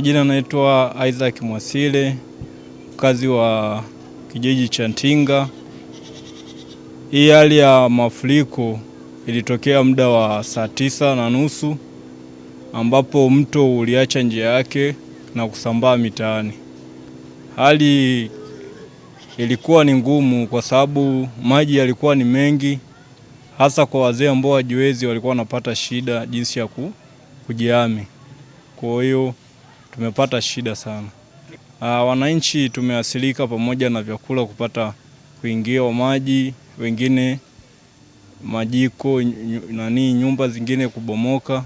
Majina naitwa Isaac Mwasile, mkazi wa kijiji cha Ntinga. Hii hali ya mafuriko ilitokea muda wa saa tisa na nusu ambapo mto uliacha njia yake na kusambaa mitaani. Hali ilikuwa ni ngumu kwa sababu maji yalikuwa ni mengi, hasa kwa wazee ambao wajiwezi walikuwa wanapata shida jinsi ya kujihami. Kwa hiyo tumepata shida sana. Ah, wananchi tumeasilika pamoja na vyakula kupata kuingiwa maji, wengine majiko nani, nyumba zingine kubomoka.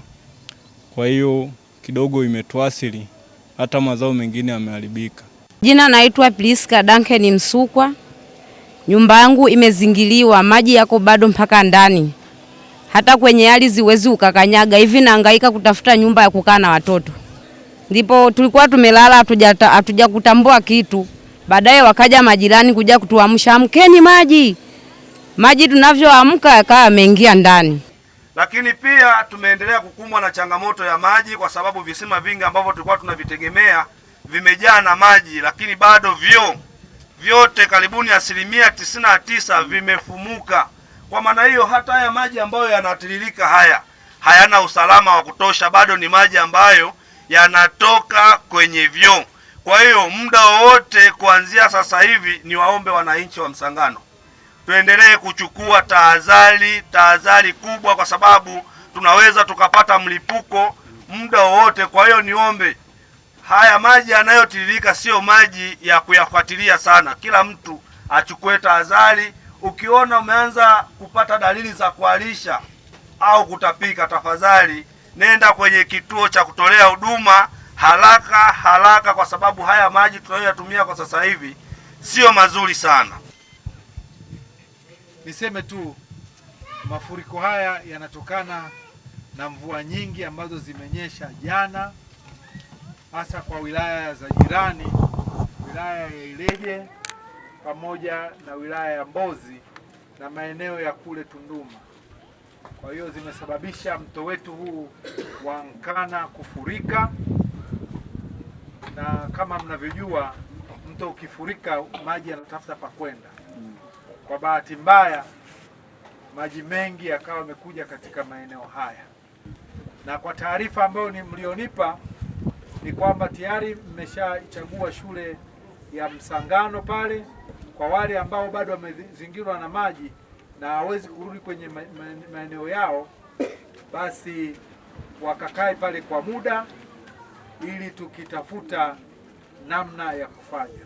Kwa hiyo kidogo imetuasili, hata mazao mengine yameharibika. Jina naitwa Priska Duncan Msukwa. Nyumba yangu imezingiliwa, maji yako bado mpaka ndani, hata kwenye ardhi ziwezi ukakanyaga hivi, naangaika kutafuta nyumba ya kukaa na watoto ndipo tulikuwa tumelala hatuja kutambua kitu. Baadaye wakaja majirani kuja kutuamsha, amkeni maji maji. Tunavyoamka yakawa yameingia ndani, lakini pia tumeendelea kukumbwa na changamoto ya maji kwa sababu visima vingi ambavyo tulikuwa tunavitegemea vimejaa na maji, lakini bado vyo vyote karibuni asilimia tisini na tisa vimefumuka. Kwa maana hiyo hata haya maji ambayo yanatiririka haya hayana usalama wa kutosha, bado ni maji ambayo yanatoka kwenye vyoo. Kwa hiyo muda wowote kuanzia sasa hivi, ni waombe wananchi wa Msangano tuendelee kuchukua tahadhari, tahadhari kubwa, kwa sababu tunaweza tukapata mlipuko muda wowote. Kwa hiyo niombe haya maji yanayotiririka siyo maji ya kuyafuatilia sana, kila mtu achukue tahadhari. Ukiona umeanza kupata dalili za kuharisha au kutapika, tafadhali nenda kwenye kituo cha kutolea huduma haraka haraka, kwa sababu haya maji tunayoyatumia kwa sasa hivi sio mazuri sana. Niseme tu mafuriko haya yanatokana na mvua nyingi ambazo zimenyesha jana, hasa kwa wilaya za jirani, wilaya ya Ileje pamoja na wilaya ya Mbozi na maeneo ya kule Tunduma. Kwa hiyo zimesababisha mto wetu huu wa Nkana kufurika, na kama mnavyojua, mto ukifurika maji yanatafuta pa kwenda. Kwa bahati mbaya, maji mengi yakawa yamekuja katika maeneo haya, na kwa taarifa ambayo ni mlionipa ni kwamba tayari mmeshachagua shule ya Msangano pale kwa wale ambao bado wamezingirwa na maji na hawezi kurudi kwenye maeneo yao, basi wakakae pale kwa muda, ili tukitafuta namna ya kufanya.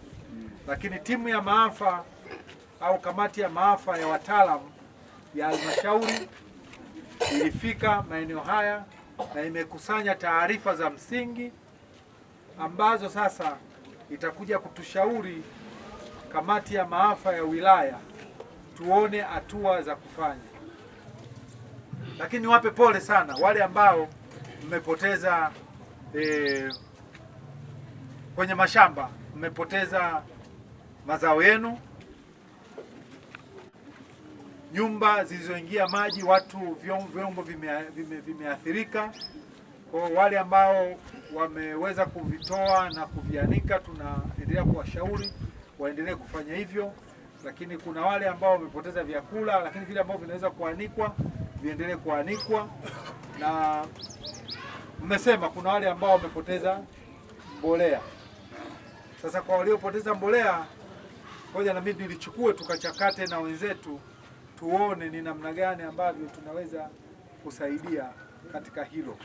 Lakini timu ya maafa au kamati ya maafa ya wataalamu ya halmashauri ilifika maeneo haya na imekusanya taarifa za msingi ambazo sasa itakuja kutushauri kamati ya maafa ya wilaya tuone hatua za kufanya, lakini niwape pole sana wale ambao mmepoteza e, kwenye mashamba mmepoteza mazao yenu, nyumba zilizoingia maji, watu vyombo vimeathirika, vime, vime kwa wale ambao wameweza kuvitoa na kuvianika, tunaendelea kuwashauri waendelee kufanya hivyo lakini kuna wale ambao wamepoteza vyakula, lakini vile ambavyo vinaweza kuanikwa viendelee kuanikwa, na mmesema kuna wale ambao wamepoteza mbolea. Sasa kwa waliopoteza mbolea, ngoja na mimi nilichukue tukachakate na wenzetu, tuone ni namna gani ambavyo tunaweza kusaidia katika hilo.